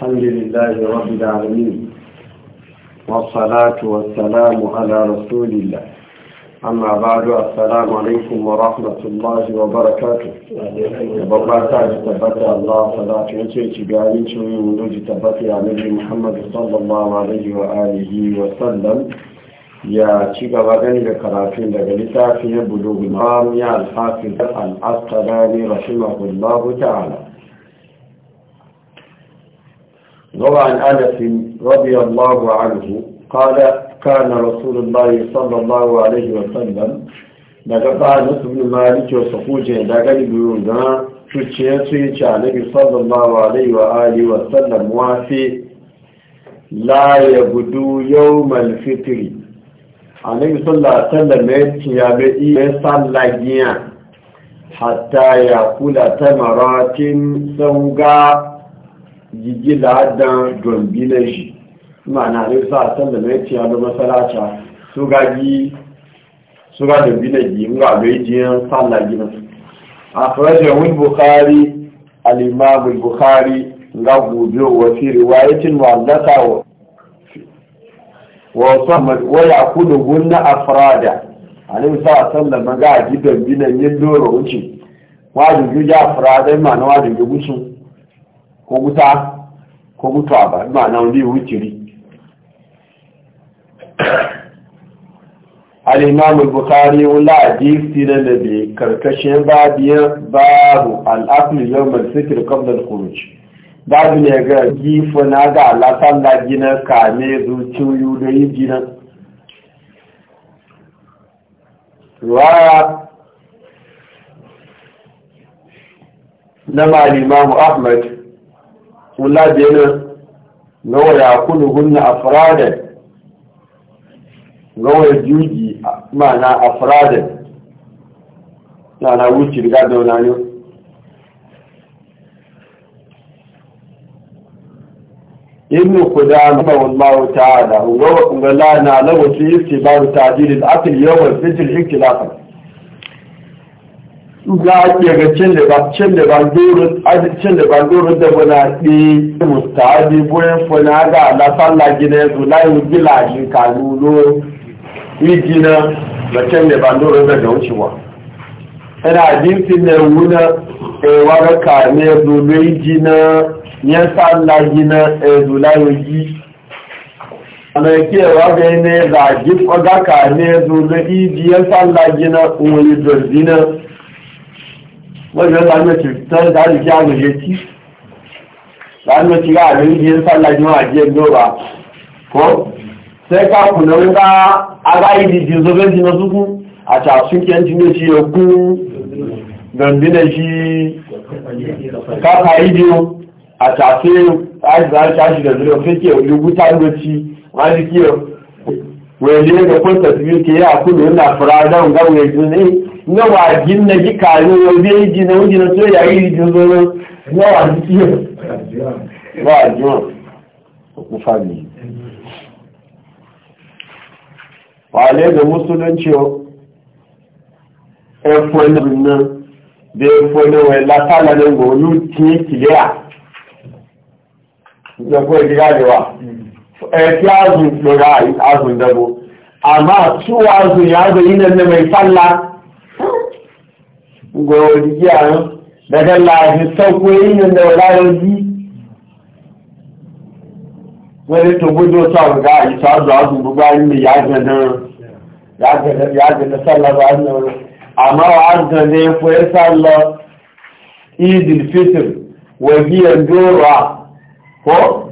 الحمد لله رب العالمين والصلاة والسلام على رسول الله أما بعد السلام عليكم ورحمة الله وبركاته وبركاته تبتع الله صلاة وشيء بعين شوي ولوج تبتع نبي محمد صلى الله عليه وآله وسلم يا شيخ وغني بكراتين لغلتا في بلوغ المام يا الحافظ الأسقلاني رحمه الله تعالى روى عن انس رضي الله عنه قال كان رسول الله صلى الله عليه وسلم نقطع انس بن مالك وصفوجه داخل بيوندا شوشيه شوشيه النبي صلى الله عليه واله وسلم وافي لا يبدو يوم الفطر النبي صلى الله عليه وسلم يا بي سان حتى ياكل تمرات سوغا jigi ladan dombi na shi mana ne sa san da mai ciya da masalaca su ga gi su ga dombi na gi nga ga jiyan sallah gina akhrajahu al-bukhari al-imam al-bukhari nga gudu wa fi riwayatin mu'allata wa wa samad wa yakulu gunna afrada alayhi sa sallam ga gi dombi na yin doro wuce wajibi ya afrada ma na wajibi gusun ko wuta ko mutuwa ba ba na wani wutiri al-imam al-bukhari wala hadisi na nabi karkashin babiyan babu al-aql yawm al-fitr qabla al ne ga gifo na ga Allah gina kame zuciyu da gina na malimamu ahmad ولادنا لو يأكلهن أفرادا لو يجوجي معنا أفرادا لا لا وش بقاعدة ولا يوم إن قدام الله تعالى ولا نعلم في إرتباط تعديل الأكل يوم الفجر إنك الأكل ga daga can da ba can da ba doron ajin can da ba doron da bana ɗe mustaɗi boyen fana ga lafan lagina ya zo layin gilashin kalulo rigina da can da ba doron da ga wucewa ina jinsin da wuna ewa ga kame ya zo rigina yan san lagina ya e zo layin gi ana ke wa ga ne da gifo ga kame ya zo rigina yan san lagina wani dorzina wọ́n yọ lánàá tí tán dáàlì kí àwọn yẹ tí lánàá tí láàrin yìí ń sálà ní àjí ẹgbẹ́ wa kọ́ sẹ́ka kùnà ń bá ará ìdí di sọfẹ́ sí lọ sókún àti àsúnkẹ́ ń ti ní ti ọkún gbẹ̀m̀bínẹ̀ sí kápá ìdí o àti àfẹ́ àìsàn àṣìlẹ̀ lórí ọ̀fẹ́ kí ẹ̀wọ̀n lógún tágbé tí wọ́n á di kí ọ wẹ̀lẹ́ ẹgbẹ̀ pọ́ńtẹ̀ sí kí ẹ̀yà kúrò ní àfọ̀rọ̀ adáhùn gáwọn ẹ̀gbẹ̀ ní nga wa jin na ji kare wa bi ji na wujina to ya yi ji zo nga wa ji wa ji ku fami wale da musulunci o efo na na be efo na we la sala na go lu ti e ti ya nga ko ji ga wa e gori yaran daga lafi sauko e yin da wadarogi wani togojo sa ga a isa zuwa dubu bayan mai ya gada sallah ba an yawon amma wa an zane kuwa sallah idil fitr wa biyan dora ko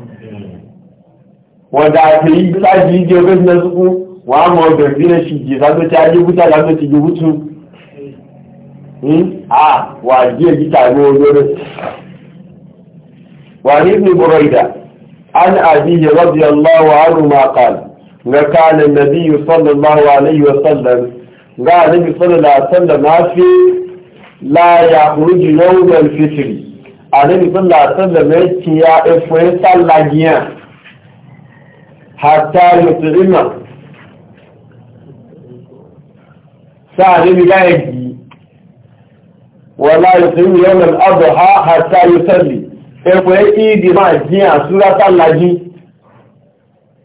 wadda ta yi bisa jijiyar na zuku wa ma wadda biyan shi ji zama ta yi buta zama ta yi hutu wà díẹ̀ jíta ní olóre wà ní ibn buraida an abiye rabi allahu anu makal ga kanin nabiyu sallallahu alaihi wasallam ga nabi sallallahu alaihi wasallam na fi la ya kuruji yawon fitri a nabi sallallahu alaihi wasallam ya ce ya efe sallagiya hatta yutu'ima sa nabi ga ya ولا يصوم يوم الأضحى حتى يصلي فيقول إيدي ما جيا سورة اللاجي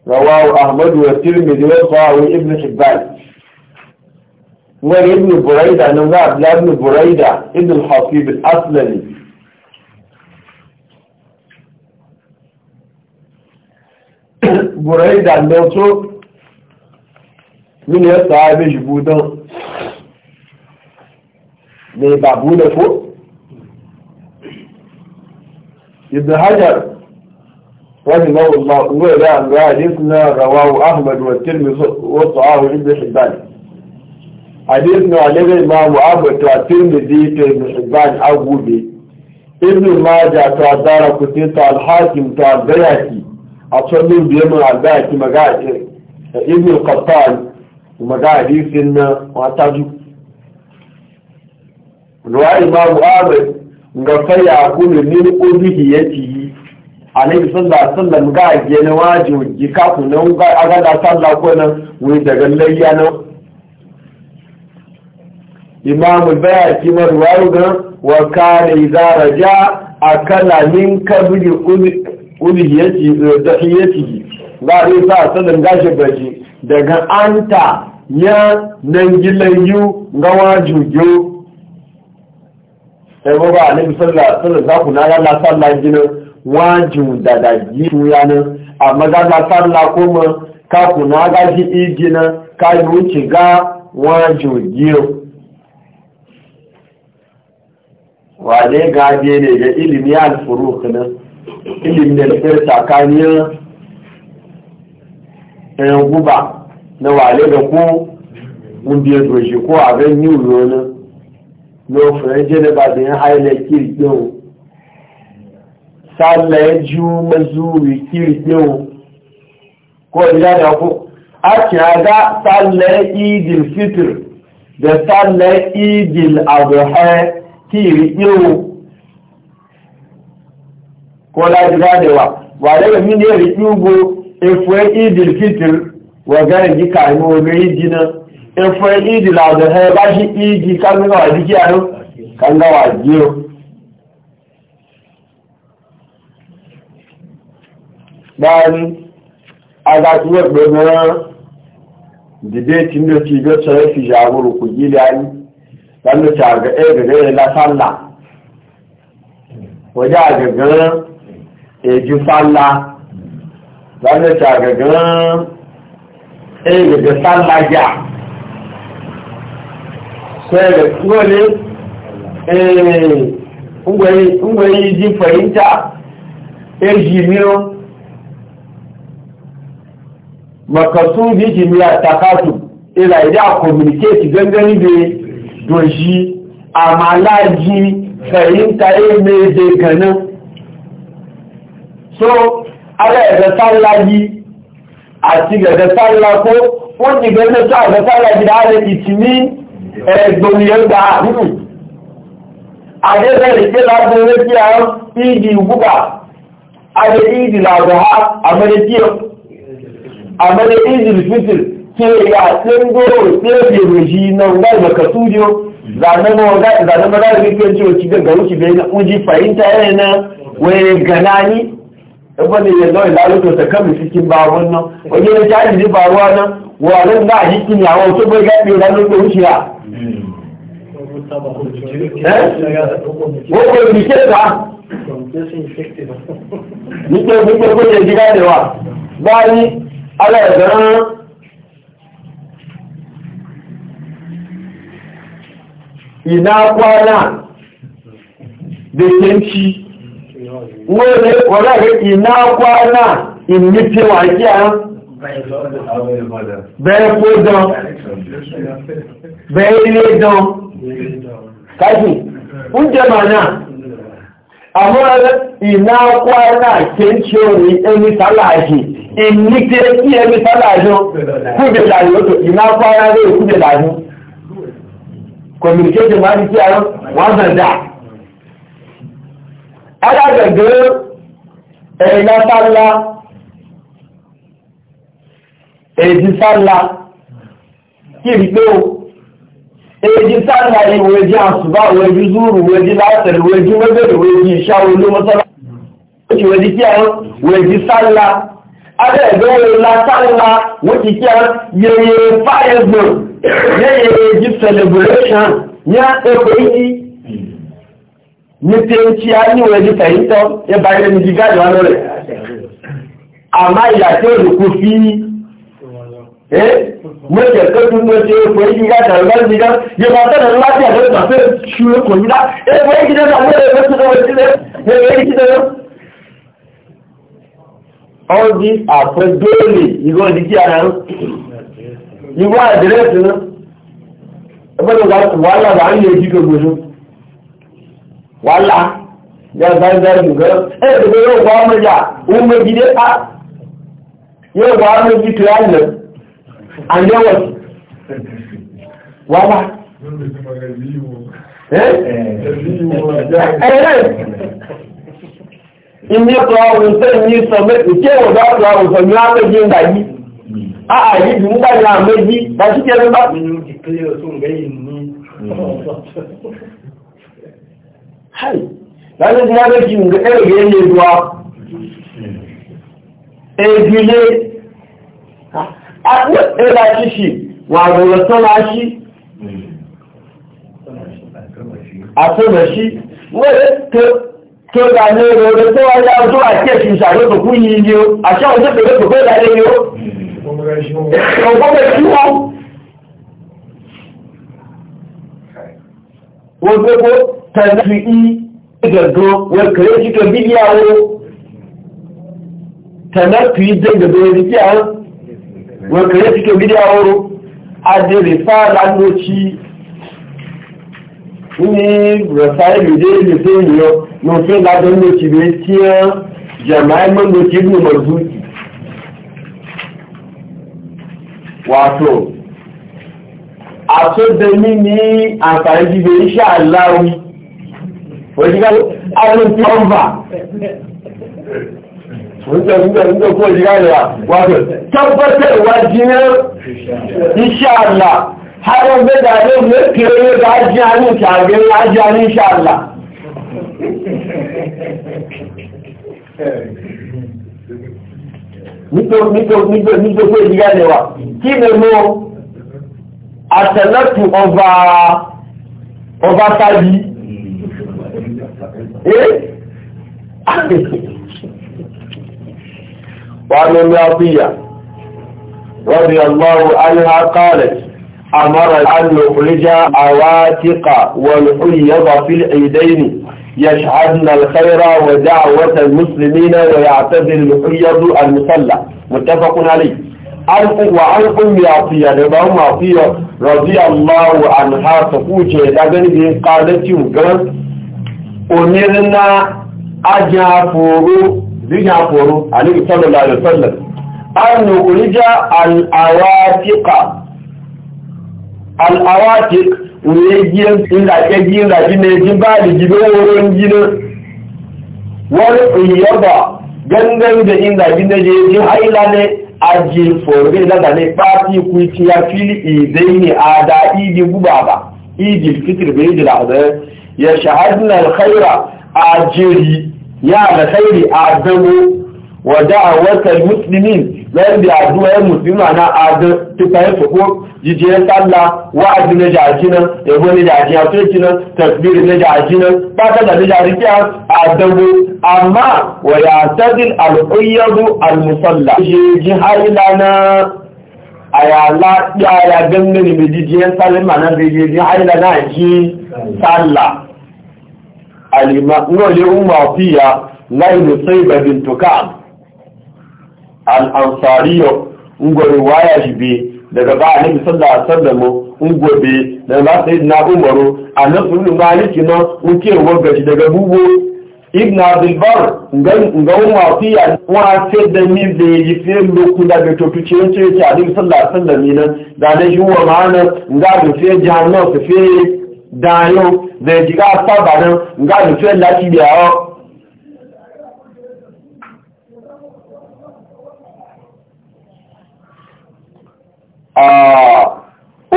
رواه أحمد والترمذي وصححه ابن حبان وقال ابن بريدة نوع عبد ابن بريدة ابن الحصيب الأسلمي بريدة نوتو من يصحابي جبودان mai babu da ko ibn hajar رحمه الله ولا حديثنا رواه أحمد والترمذي وصعاه ابن حبان حديثنا عليه الإمام أحمد والترمذي ابن حبان أبو بي ابن ماجه تعذر كتيت الحاكم تعبياتي أصلي بيمن الباكي مقاعد ابن القطان ومقاعد حديثنا وأتاجه ruwa imamu ahmed ga faya kulu min ubihi yatihi alayhi sallallahu alaihi wasallam ga gene wajo jika ku nan ga aga da sallah ko nan wani daga layya nan imamu bayaki ma ruwa ga wa kana idza raja akala min kabri uliyati dahiyati ga dai sa sallan gashi baji daga anta ya nan gilayu ga wajo ẹgbẹ́ bá alẹ́bí sọ́lá sọ́lá sáàkù náà sálà jìnà wọ́n jù dàdà yìí tu ya ní àmọ́gádà sálà kó mọ́ káàkù náà gájí káyọ̀ ó ti gá wọ́n jù wà ní ne ilimi na wale da ko mun biya doshi ko a lọ fẹ̀rẹ̀ jẹ́ lẹ́bàdì ń ha ilẹ̀ kiri pé o sálẹ̀ ju mẹ́zúrì kiri pé o kọ́ ìdí láti ọkọ́ àti àgá sálẹ̀ ìdìl fitr da sálẹ̀ ìdìl àbẹ̀hẹ́ kiri pé o kọ́ láti láti wà wà lẹ́gbẹ̀ mí ní èrè tí ó gbó efu ìdìl fitr wà gáyìí kàìmọ́ orí ìdí náà efe idi na ọdọ ha ebe shi iji wa jiki ahụ kanga wa jiyo bayan aga tuwe gbẹmọràn dìde tí ní fi ṣàwòrò kò jílẹ̀ ayé lánàá ti àgbẹ̀ ẹgbẹ̀rẹ̀ rẹ̀ lásánlá wọ́jà àgbẹ̀gán èjú fánlá lánàá ti àgbẹ̀gán ẹgbẹ̀gẹ̀ salla jà fere dole ngwai ji fahimta eji miyo makasudi jimiya takatu ila ide a communicate gangani da doji amma laji fahimta ya e mai da ganin so ala àti ẹ̀gẹ̀ wọ́n ti gẹ́gẹ́ sálá yìí láàrin ẹ̀gbọ́n yẹn gba àrùn àdébẹ̀rẹ̀ pé láti eré tí a ń fi ìdí ìwúgbà ayé ìdí làbọ̀ ha àmẹ́rẹ́tí àmẹ́rẹ́ ìdí ìfìtì tí ó yà tí ń gbòòrò tí ó di èròjì iná ń gbàgbà kàtúndíó zanamọ́dá rí pé tí ó ti gẹ̀gẹ̀ ó ti bẹ̀rẹ̀ ń náà wẹ̀rẹ̀ gànà ní ni ìyẹn lọ́ọ̀ bá wọn náà wọ́n ọ̀rẹ́ gbà yìí kí ni àwọn tó bẹ́ gẹ́gẹ́ bí ìdánilógún oríṣi à. wọ́n kò ní ṣe ta nípa nípa kó lè di wa báyìí alẹ́ ẹ̀gbọ́n ìná kwana da kyanci wọ́n lè wọ́n lè ìná kwana ìmìtì wà kí àwọn bẹ́ẹ̀ kó dán bẹ́ẹ̀ ilé dán káàkì ń jẹ màá náà àmọ́ ìná ọkọ̀ náà ṣe ń ṣe orin ẹni sálàájì ìníkẹ́ sí ẹni sálàájì kúbẹ̀láyì òtò ìná ọkọ̀ ara rẹ̀ kúbẹ̀láyì communication máa ní sí ara wọ́n bẹ̀dà alágbẹ̀gbẹ̀ ẹ̀yìn látàlá èdè sálà kí n gbé o èdè sálà ìwò èdè àṣùbá ìwò èdè zúrù ìwò èdè látẹ̀lẹ̀ ìwò èdè mẹ́bẹ̀rẹ̀ ìwò èdè ìṣà olómọ́sọ́lá ìwò èdè kí ẹran ìwò èdè sálà abẹ́ ẹ̀gbẹ́ ìlà sálà wọ́n ti kí ẹran yẹ̀yẹ̀ fáyẹ̀gbọ̀n yẹ̀yẹ̀ èdè celebration ní ẹ̀kọ́ yìí ní pẹ́ntì á ní ìwò èdè fẹ̀yìntọ́ ẹ̀bà ilẹ̀ nìjígáàdì wọn lọ́rẹ̀ àmá ìyà tí ó lùkú fi mọ́jẹ̀ tó tún mọ́ sí ẹ̀kọ́ yìí yàtọ̀ lọ́sí gan yọba tọ́nà láti àjọ ìgbà pé ṣú ẹ̀kọ́ yìí lá ẹ̀kọ́ yìí tẹ́lẹ̀ àwọn ẹ̀kọ́ tó tọ́wọ́ sílẹ̀ ẹ̀kọ́ all these are predominantly ìwọ ìdíjí ara ń ìwọ àdírẹ́sì náà ẹgbẹ́ tó ga wàhálà wà ń yẹ ojú gbogbo ní wàhálà yà gbàgbàgbà nìkan ẹ̀ẹ́dẹ̀gbẹ̀ yóò ah! wà á mẹ́jà ó mẹ́jì dé á yóò wà á mẹ́jì tó yà lẹ́nu. and then what eh Ìní sọ ọrùn tó ìní sọ méjì tí èwò bá sọ sọ ní àmẹ́jì ń gbàyí. A àyí bí ń bá sí kẹrin bá. Háì, láti ní àmẹ́jì ń gbẹ̀ẹ́rẹ̀ yẹ́ lè akwai ɗaya shi wa gobe sana shi a sama shi wai tó ga ní ọ̀rọ̀ tó wá yá ọjọ́ àti ẹ̀sùn ìṣàlókò kú yìí ni ó àṣà ọjọ́ pẹ̀lú kò bẹ́ẹ̀ ni ó ọgbọ́gbẹ́ wọ́n wọ́n tí í wọ́n kèrè ti tó gídí àwọ́rọ̀ adèrè fáàlá ló ti ní rẹ̀fáìlì dé ilé tó ń lọ ló fẹ́ lábẹ́ ló ti rẹ̀ tí ẹ́ jẹ̀máìmọ́ ló ti rú mọ̀lú wàtò àtọ́dẹ̀mí ní àǹfààní jíbe iṣẹ́ àláwí òjíká ko jiraya wato tabbatarwa jinin insha Allah har yanzu da ne ne kire da ajiyani tage ajiyani insha Allah nito nito nito nito ko jiraya wa kime mo atalatu over over tadi eh وعن المعطية رضي الله عنها قالت أمر أن نخرج عواتق والحيض في العيدين يشهدن الخير ودعوة المسلمين ويعتذر الحيض المصلى متفق عليه وعن أم عطية لبهم عطية رضي الله عنها تقول جيدا بين قالت يمكن أمرنا أجافوا dúkìá kòrò àníbi sọ́lọ́lá àlùsọ́lọ́ àrùn òkúrìjá al'awátíkà al'awátík wòye jí ńlàjẹ́ jí ńlàjí ní ẹjí báyìí jìbẹ́ wóró ń jí wọ́n ìyọ́bà gẹ́gẹ́ da ńlàjí ní ẹjí haílálẹ́ ajé fòrò ládàlẹ́ pàtí kú ti ya fílì ìdẹ́ ní àdá ìdí gúbàbà ìdí fítìrì bèèdì làdẹ́ yẹ ṣàhádìnà alkhaira يا بخير أعدمه ودعوة المسلمين لأن بيعدوها المسلمين أنا أعد تفاية فقور يجي يسألنا وعد نجا عجينا يبو نجا عجينا تركنا تكبير نجا نجعجنا بعد نجعجنا أعدمه أما ويعتدل القيض المصلى يجي هاي لنا ayala ya يا gangan ne jijiyar salin mana da jijiyar haila na ji alima ngole umma fiya lain sayba bint ka'ab al ansariyo ngore waya jibi daga ba annabi sallallahu alaihi wasallam ngobe da ba sai na umaru annabi ibn maliki no uke wagga shi daga bubo ibn abdul bar ngan ngan wa fiya wa ce da ni be yi fiye loku da to tuce ce ce annabi sallallahu alaihi wasallam ne da ne shi wa ma'ana ga da fiye jahannam su fiye dáyọ́ nàìjíríà pàbàdán nga lè fẹ́ láti ilẹ̀ ọ́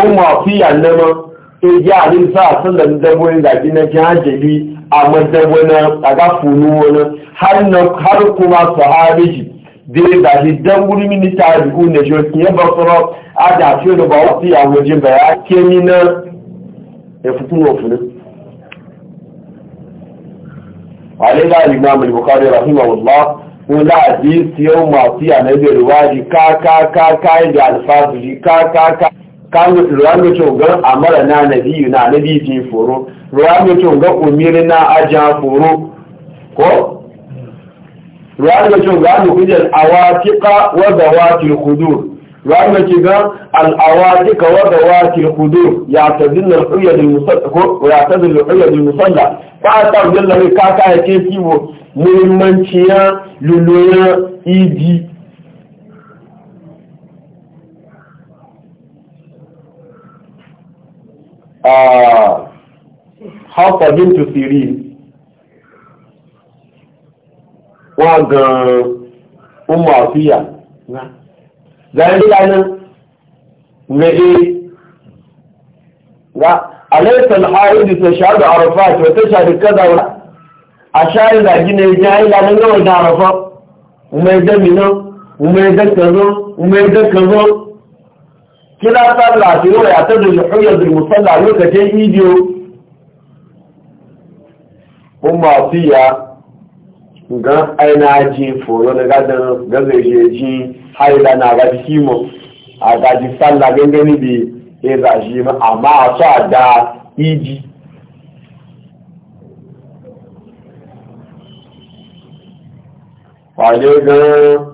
ọmọ ọ̀fíyà lẹ́mọ́ tó jẹ́ àríṣà sílẹ̀ dẹ́gbọ́ ìgbàjí na jẹ́ àjẹ́bí àmọ́ dẹ́gbọ́ na àgáfòónú wọn har kuma sọ̀háríjì dé ìgbàjí dẹ́gbúrí mínítà àdìgún nẹ̀ṣọ́ kí ẹ bọ́ sọ́rọ̀ àdàfíò ó fi àwọn jẹ́ bẹ̀rẹ̀ kéní náà ẹ̀fùkún òfin àlébà ìgbàmù ìbùkárí rahimahullah wọn láàdí tí ó mà sí àmẹ́bẹ̀ ìwádìí káàkáàkáà ìdí alifáàbù yìí káàkáàkáà ruwamicin gan amara na nabiyu na nabi fi foro ruwamicin gan umiri na aja foro ko ruwamicin gan nukujen awatika wadda watil hudur ranar ke ga al'awaki kawo da wakil kudu ya ta zilla huyar musalla ba ta zilla mai kaka ya ke kiwo muhimmanci ya lulluya idi a hausa bintu fiya zai ranar mai ga alaisal haidu ta shaɗu arafat wata shaɗu kaza wa a shaɗu da gina ya jayi lanin gawar da arafa umar da minan umar da kazo umar da kazo kira tsalla ta yau ya tattar da hujjar da musalla lokacin idiyo umar fiya ga aina ji foro na gadan gazaje ji haila na gaji kimo a gaji sallah gangani bi ya zaji ma amma a sa da iji wale gan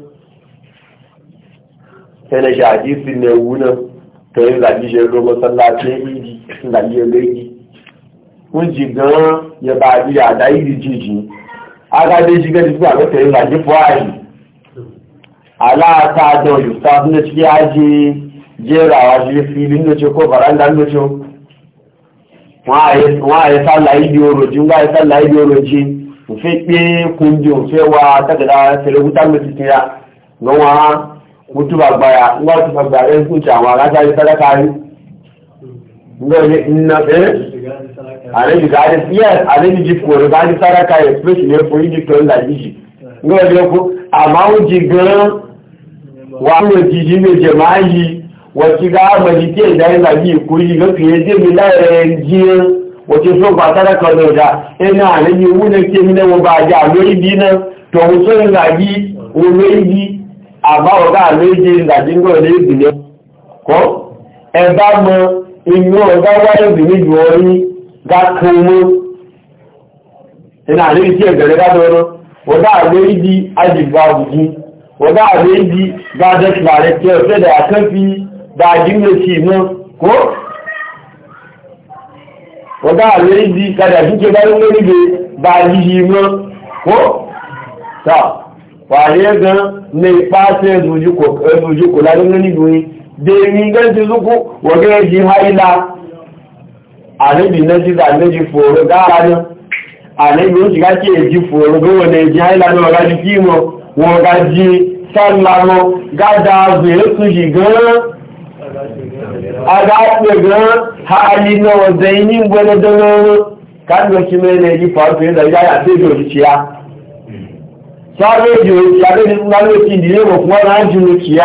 sai na shaji su ne wuna ta yi zaji shi rogo sallah ce iji zaji ya gaji kun ji gan ya ba ji da iri jiji agade shiga da zuwa ga tare laji fuwayi alaka da yusa sun da ciki aji jerawa shi filin da ce ko baranda da ce wọn a yi sálà ibi oroji ń gbá yi sálà ibi oroji ń fi pé kúndì ń fi wá tàgàdá tẹlẹgútà mẹsì ti ya ní wọn kútù àgbáyà ń gbá tùfà àgbáyà ń kúta àwọn alájáde sálà kárí ń gbọ́ ilé ń àlejò káàdì yes àlejò jí kòrò káàdì sara káyọ̀ especially ní ẹ̀fọ́ yìí tó ń là yìí ní ọjọ́ kó àmà ń jí gan wà ń lòdì yìí ní ìjẹ̀ máa yí wọ́n ti ká àmọ̀dì tí ẹ̀dá ìlà yìí kú yìí lókè yẹn dé mi láàrẹ̀ jí wọ́n ti fún ọgbà sára kan ní ọjà ẹ̀nà àlejò owó náà tí èmi náà wọ́n bá ajá lórí bí náà tọ̀hún tó ń là yìí òwe yìí àbá ọ̀gá àlejò ìlàjì ńgọ̀ ní ìgbìlẹ̀ kọ́ ẹ̀ bá mọ inú ọ̀gá wáyé bìnrin jù ọ gákanwó ina àrí tí ẹ̀gẹ̀rẹ̀ gádọ́rọ́ wọ́dá àrẹ́ ìdí ajìgbà ògùn wọ́dá àrẹ́ ìdí gádẹ́kìlà rẹ̀ tí ọ̀fẹ́ dẹ̀ àkẹ́fì dáadínlẹ̀ṣì iná kó wọ́dá àrẹ́ ìdí gádàdíkẹ́ báyé lórílẹ̀ dáadíyí iná kó tà wàrẹ́ gan ní ipáṣẹ́ ẹ̀dùn ojú kò lárí lórílẹ̀ àníbi nẹ́jìdà méjì fòòrò dára ní àníbi ó ti ká kí èjì fòòrò bí wọ́n lè jẹ́ àìlànà ọ̀gá jí kí mọ̀ wọ́n ga jí sálàmọ́ gádà bèèrè tún jì gan-an agáàpẹ̀ gan-an hali náà ọ̀dẹ̀ iní ń gbẹ́lẹ́ dánwọ́rọ́ káàkiri kí mẹ́rin èjì fàáfẹ́ ìdájá àti èdè òṣìṣẹ́ a sáré èdè òṣìṣẹ́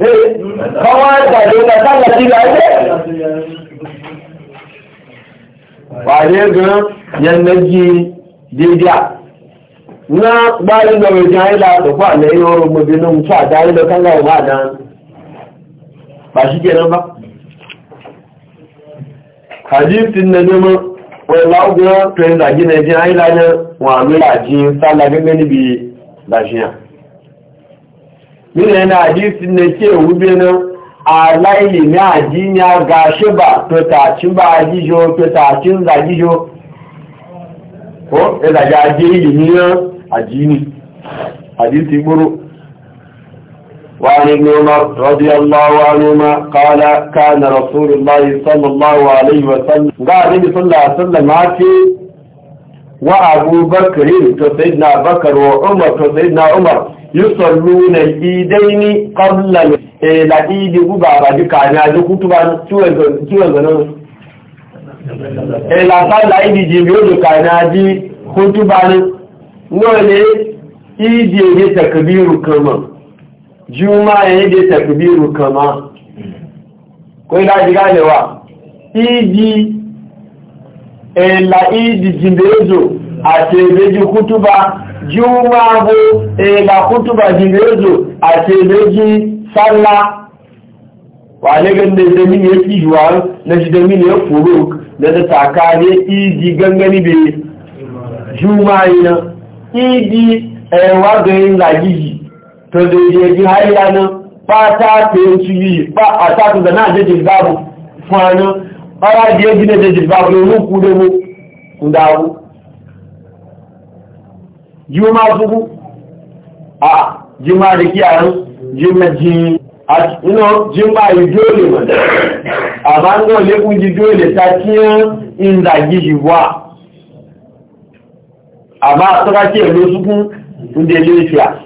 Wọ́n wá ìgbàdé ìgbàdá ti láyé. Wàdé gan yẹn méjì dídíà. Ná gbá nílò ìjọ ayílá àtọ̀fà lẹ́yìn oró gbogbo inú tó àdá nílò káńgá ìwà àdá. Bàṣíkẹ̀ náà bá. Hadith na neman wọ́n láwùjọ́ tó ń dàgí Nàìjíríà náà wọ́n àmì àjíyàn sálà níbi Bàṣíyàn nínú ẹ̀nà àdísí ní kí èwú bínú aláìlì ní àjí ní aga ṣíbà tó tààtí bá ajíjọ tó tààtí ń zàjíjọ ó ẹ̀dàjá ajé ìlì níyàn àjí ni àdísí gbúrú وعن ابن عمر رضي الله عنهما قال كان رسول الله صلى الله عليه وسلم قال النبي صلى الله عليه وسلم وأبو بكر تسيدنا بكر وعمر تسيدنا عمر yusalluna idaini qabla eh la idi guba ba duka ni aje kutuba tuwe tuwe gono eh la sala idi ji bi odo ka ni aje kutuba ni no le idi ege takbiru kama juma ege takbiru kama ko ila diga le wa idi eh la idi jimbezo ate beji kutuba jùmọ́ ẹgbà kútùbà jìnrẹ́zò àti ẹgbẹ́jì sálá wà lẹ́gbẹ́ lẹ́dẹ̀mí ní ẹkì ìwà lẹ́dẹ̀mí ní ẹkùrò lẹ́dẹ̀ tàkà ní ìdí gangani bẹ jùmọ́ iná ìdí ẹwà gẹ̀yìn làjíjì tó lẹ́dẹ̀ẹ́jì háyánà pátá juma suku a juma da kiyayen juma jini a ino juma yi dole mata a bangon lekunji dole ta kiyan inda gishi wa a ba a tsara kiyar lo suku inda lefiya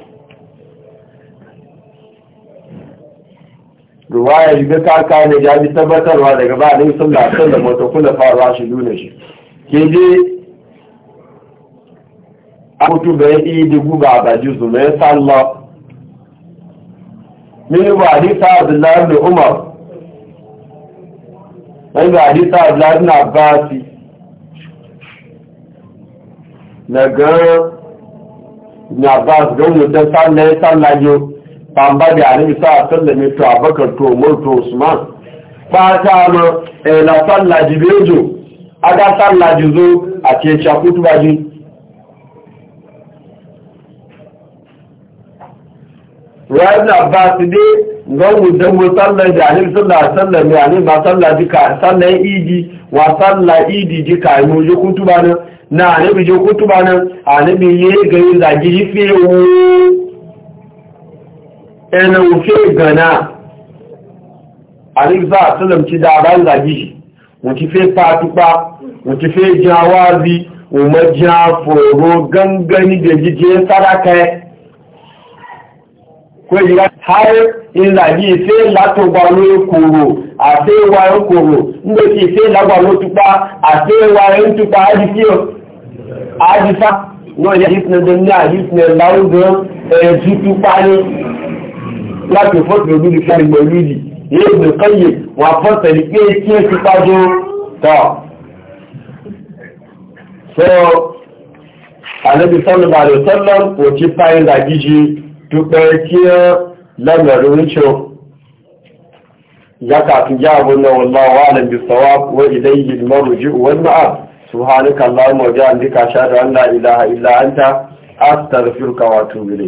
ruwaya shiga kaka ne ya bi tabbatarwa daga ba ne sun da sun da mota faruwa shi nuna ke je akutu bẹ idi guba abaju zume sallọ mini bu hadisa abdullahi ibn umar wani bu hadisa abdullahi ibn abbasi na gan na abbas gan mutum sallaye sallayo bamba da ani isa a sallame to abakar to umar to usman ba ta ma ela sallaji bejo aga sallaji zo a ce wa'in abbas dai don wujen mu sallar da alim sallar sallar ne alim ba sallar jika sallar idi wa sallar idi jika yi ojú kútùbà nan na alibi je kútùbà nan alibi yẹ gari zagi yi fi wu ẹna wufe gana alim za a sallar ci da ban zagi wọ́n ti fẹ́ pàtúpá wọ́n ti fẹ́ jẹ́ awázi wọ́n mọ́ jẹ́ fòrò gangani da jíjẹ́ sára kai kwèyí háré ìlàjí ìfẹ́ látọgbà ló kòrò àtẹ́wà ń kòrò ndé ti ìfẹ́ lágbà ló tupa àtẹ́wà ń tupa ájífíò ájífá náà yẹ ìsinẹ̀dẹ̀ ní àjíṣẹ́ láwùjọ ẹ̀jú tupa ní láti fọ́tò ìlú fẹ́ pẹ̀lú ìdí yóò gbé kọ́yè wà fọ́tò ní pé kí ẹ tupa jọ tọ́ so àlẹ́bí sọ́nà bàrẹ̀ sọ́nà kò ti pa ìlàjí yìí tukpayakiya lamarin cewa ya kafin ya abu na wallawa alam bi sawab wa ilayhi al-marji wal ma'ab subhanaka allahumma wa bihamdika ashhadu an la ilaha illa anta